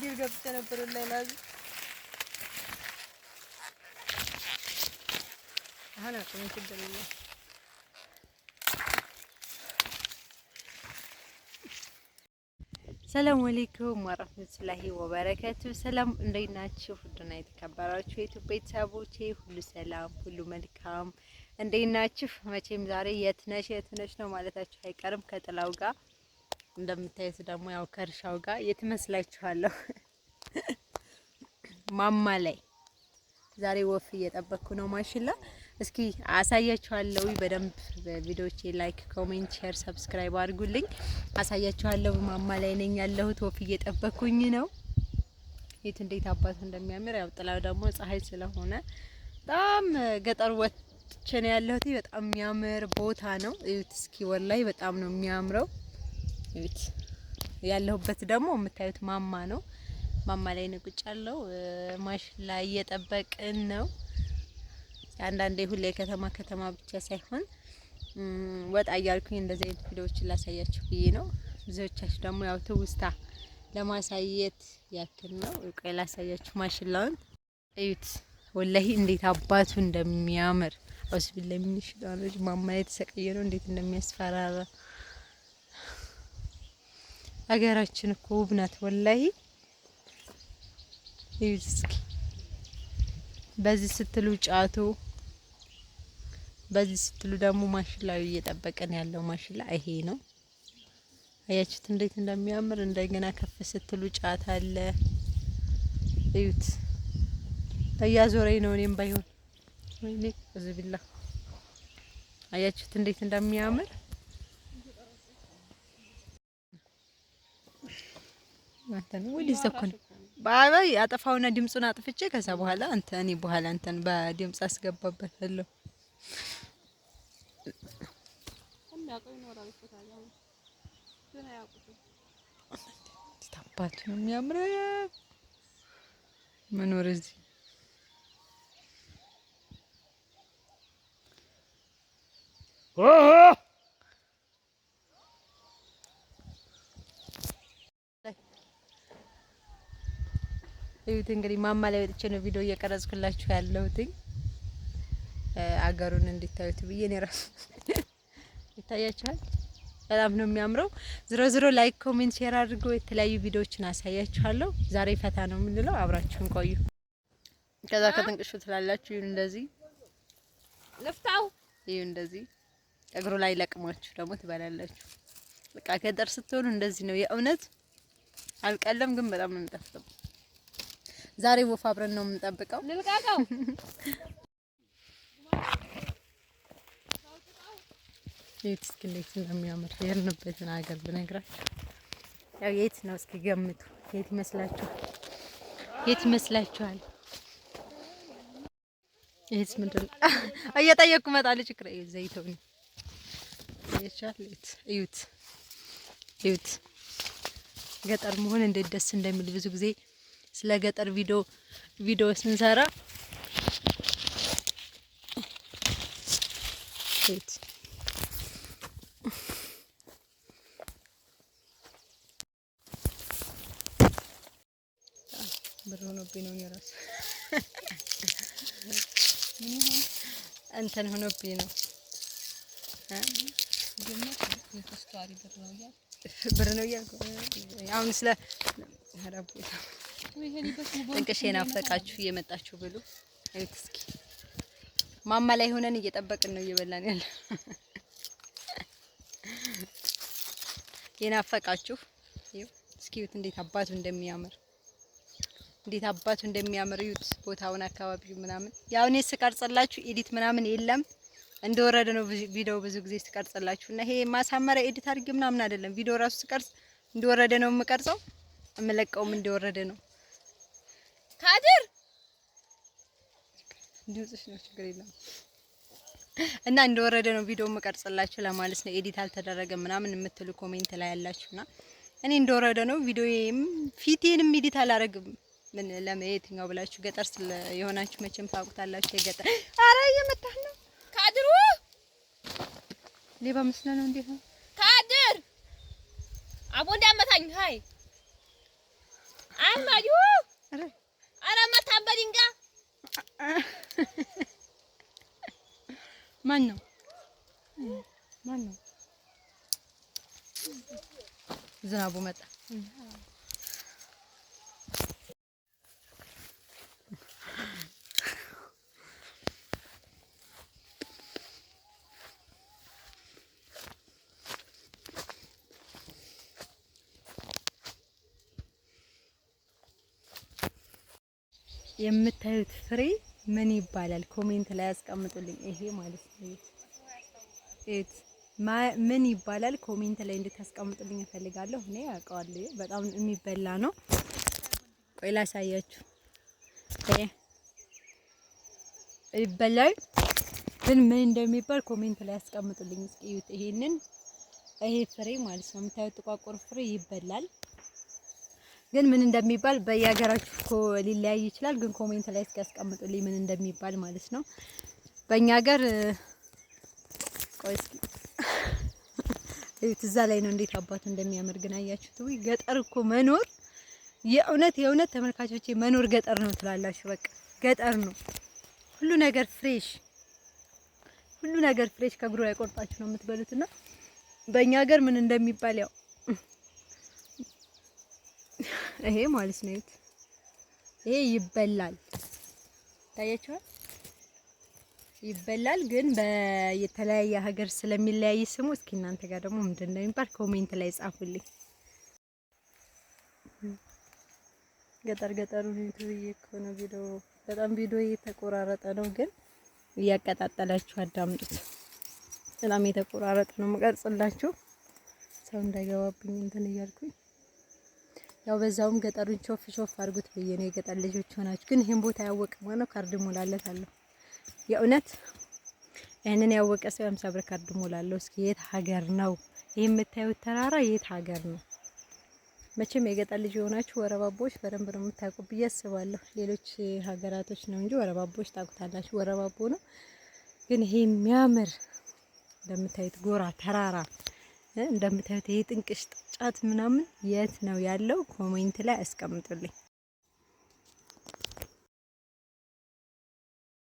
ገደል ገብቼ ነበር ላይ ሰላም አለይኩም ወራህመቱላሂ ወበረከቱ። ሰላም እንዴት ናችሁ? ሁሉና የተከበራችሁ የኢትዮጵያ ቤተሰቦቼ ሁሉ ሰላም፣ ሁሉ መልካም እንዴት ናችሁ? መቼም ዛሬ የትነሽ የትነሽ ነው ማለታችሁ አይቀርም ከጥላው ጋር እንደምታዩት ደግሞ ያው ከእርሻው ጋር የት ማማ ላይ ዛሬ ወፍ እየጠበቅኩ ነው። ማሽላ እስኪ አሳያችኋለሁ። በደንብ ቪዲዮቼ ላይክ፣ ኮሜንት፣ ሼር፣ ሰብስክራይብ አድርጉልኝ። አሳያችኋለሁ። ማማ ላይ ነኝ ያለሁት ወፍ እየጠበቅኩኝ ነው። የት እንዴት አባቱ እንደሚያምር ያው ጥላው ደግሞ ፀሐይ ስለሆነ በጣም ገጠር ወጥቼ ነው ያለሁት። በጣም የሚያምር ቦታ ነው። እዩት እስኪ ወላይ በጣም ነው የሚያምረው። ያለሁበት ደግሞ የምታዩት ማማ ነው። ማማ ላይ ንቁጭ ያለው ማሽላ እየጠበቅን ነው። አንዳንዴ ሁሌ ከተማ ከተማ ብቻ ሳይሆን ወጣ እያልኩኝ እንደዚህ አይነት ቪዲዮዎችን ላሳያችሁ ብዬ ነው። ብዙዎቻችሁ ደግሞ ያው ትውስታ ለማሳየት ያክል ነው። ቆይ ላሳያችሁ። ማሽላውን እዩት፣ ወላሂ እንዴት አባቱ እንደሚያምር አውስቢል ለሚንሽ ዳኖች ማማ የተሰቀየ ነው። እንዴት እንደሚያስፈራራ አገራችን እኮ ውብ ናት። ወላሂ እስኪ። በዚህ ስትሉ ጫቱ፣ በዚህ ስትሉ ደግሞ ማሽላው እየጠበቀን ያለው ማሽላ ይሄ ነው። አያችሁት እንዴት እንደሚያምር። እንደገና ከፍ ስትሉ ጫት አለ። እዩት። እያዞረኝ ነው እኔም ባይሆን ወይኔ እዚህ ቢላ አያችሁት እንዴት እንደሚያምር አንተን ወይ ባይ አጠፋውና አጥፍቼ ከዛ በኋላ አንተ እኔ በኋላ አንተን በድምጽ አስገባበታለሁ። ታባቱ ነው መኖር እዚህ ኦሆ እዩት እንግዲህ ማማ ላይ ወጥቼ ነው ቪዲዮ እየቀረጽኩላችሁ ያለሁት። አገሩን እንድታዩት ብዬ ነው ራሱ ይታያችኋል። በጣም ነው የሚያምረው። ዝሮ ዝሮ ላይክ፣ ኮሜንት፣ ሼር አድርጎ የተለያዩ ቪዲዮዎችን አሳያችኋለሁ። ዛሬ ፈታ ነው የምንለው። አብራችሁን ቆዩ። ከዛ ከጥንቅሹ ትላላችሁ። ይሁን እንደዚህ ልፍታው፣ ይሁን እንደዚህ እግሩ ላይ ለቅማችሁ ደግሞ ትበላላችሁ። በቃ ገጠር ስትሆኑ እንደዚህ ነው። የእውነት አልቀለም ግን በጣም ነው የሚጣፍጠው ዛሬ ወፍ አብረን ነው የምንጠብቀው። ልልቃቀው የት እስኪ እንዴት እንደሚያምር የሄድንበትን ሀገር ብነግራችሁ ያው የት ነው እስኪ ገምቱ። የት ይመስላችኋል? የት ይመስላችኋል? የት ምንድን ነው እየጠየቅኩ እመጣለሁ። ችግር የለም ዘይቶኒ ይቻል እዩት፣ እዩት ገጠር መሆን እንዴት ደስ እንደሚል ብዙ ጊዜ ስለ ገጠር ቪዲዮ ቪዲዮ ስንሰራ ብር ሆኖብኝ ነው የራሱ እንትን ሆኖብኝ ነው ብር ነው እያልኩ አሁን ስለ ጥንቅሽ ናፈቃችሁ እየመጣችሁ ብሉ። እዩት እስኪ ማማ ላይ ሆነን እየጠበቅን ነው እየበላን ያለ የናፈቃችሁ እስኪ እዩት፣ እንዴት አባቱ እንደሚያምር እንዴት አባቱ እንደሚያምር እዩት። ቦታውን አካባቢ ምናምን ያው እኔ ስቀርጽላችሁ ኤዲት ምናምን የለም እንደወረደ ነው ቪዲዮ ብዙ ጊዜ ስቀርጽላችሁ እና ይሄ ማሳመሪያ ኤዲት አድርጌ ምናምን አይደለም። ቪዲዮ ራሱ ስቀርጽ እንደወረደ ነው የምቀርጸው፣ የምለቀውም እንደወረደ ነው። ካድር ድምጽሽ ነው ችግር የለም። እና እንደወረደ ነው ቪዲዮ መቀርጽላችሁ ለማለት ነው። ኤዲት አልተደረገ ምናምን የምትሉ ኮሜንት ላይ ያላችሁና እኔ እንደወረደ ነው ቪዲዮዬም ፊቴንም ኤዲት አላረግም። ምን ለየትኛው ብላችሁ ገጠር ስለ የሆናችሁ መቼም ታውቁታላችሁ። የገጠር አረ እየመጣህ ነው ካድሩ ሌባ መስለ ነው እንዴ? ካድር አቦ እንዳመታኝ ሀይ አረ አረመታን በድንጋይ ማን ነው ማን ነው? ዝናቡ መጣ። የምታዩት ፍሬ ምን ይባላል? ኮሜንት ላይ አስቀምጡልኝ። ይሄ ማለት ነው እት ምን ይባላል? ኮሜንት ላይ እንድታስቀምጡልኝ እፈልጋለሁ። እኔ አውቀዋለሁ። በጣም የሚበላ ነው። ቆይ ላሳያችሁ። ይበላል ግን ምን እንደሚባል ኮሜንት ላይ አስቀምጡልኝ። እስኪ ይሄንን ይሄ ፍሬ ማለት ነው የምታዩት ጥቋቁር ፍሬ ይበላል። ግን ምን እንደሚባል በየሀገራችሁ እኮ ሊለያይ ይችላል። ግን ኮሜንት ላይ እስኪ ያስቀምጡልኝ ምን እንደሚባል ማለት ነው። በእኛ ሀገር ቆይ እዛ ላይ ነው እንዴት አባቱ እንደሚያምር ግን አያችሁት ወይ? ገጠር እኮ መኖር የእውነት የእውነት ተመልካቾቼ መኖር ገጠር ነው ትላላችሁ። በቃ ገጠር ነው ሁሉ ነገር ፍሬሽ፣ ሁሉ ነገር ፍሬሽ ከእግሩ ላይ ቆርጣችሁ ነው የምትበሉትና በእኛ ሀገር ምን እንደሚባል ያው ይሄ ማለት ነው። ይሄ ይበላል፣ ታያችኋል። ይበላል ግን በየተለያየ ሀገር ስለሚለያይ ስሙ። እስኪ እናንተ ጋር ደግሞ ምንድን ነው የሚባል ኮሜንት ላይ ጻፉልኝ። ገጠር ገጠሩ ቪዲዮ እኮ ነው። ቪዲዮ በጣም ቪዲዮ እየተቆራረጠ ነው፣ ግን እያቀጣጠላችሁ አዳምጡት። በጣም የተቆራረጠ ነው መቀርጽላችሁ ሰው እንዳይገባብኝ እንትን እያልኩኝ ያው በዛውም ገጠሩን ቾፍ ቾፍ አድርጉት ብዬ ነው። የገጠር ልጆች ሆናችሁ ግን ይህን ቦታ ያወቀ ማለት ካርድ ሞላለት አለሁ። የእውነት ይህንን ያወቀ ሰው የአምሳ ብር ካርድ ሞላለሁ። እስኪ የት ሀገር ነው ይህ የምታዩት ተራራ? የት ሀገር ነው? መቼም የገጠር ልጅ የሆናችሁ ወረባቦች በደንብ ነው የምታውቁ ብዬ አስባለሁ። ሌሎች ሀገራቶች ነው እንጂ ወረባቦች ታውቁታላችሁ። ወረባቦ ነው ግን ይሄ የሚያምር እንደምታዩት ጎራ ተራራ እንደምታዩት ይሄ ጥንቅሽ ጫት ምናምን የት ነው ያለው? ኮሜንት ላይ አስቀምጡልኝ።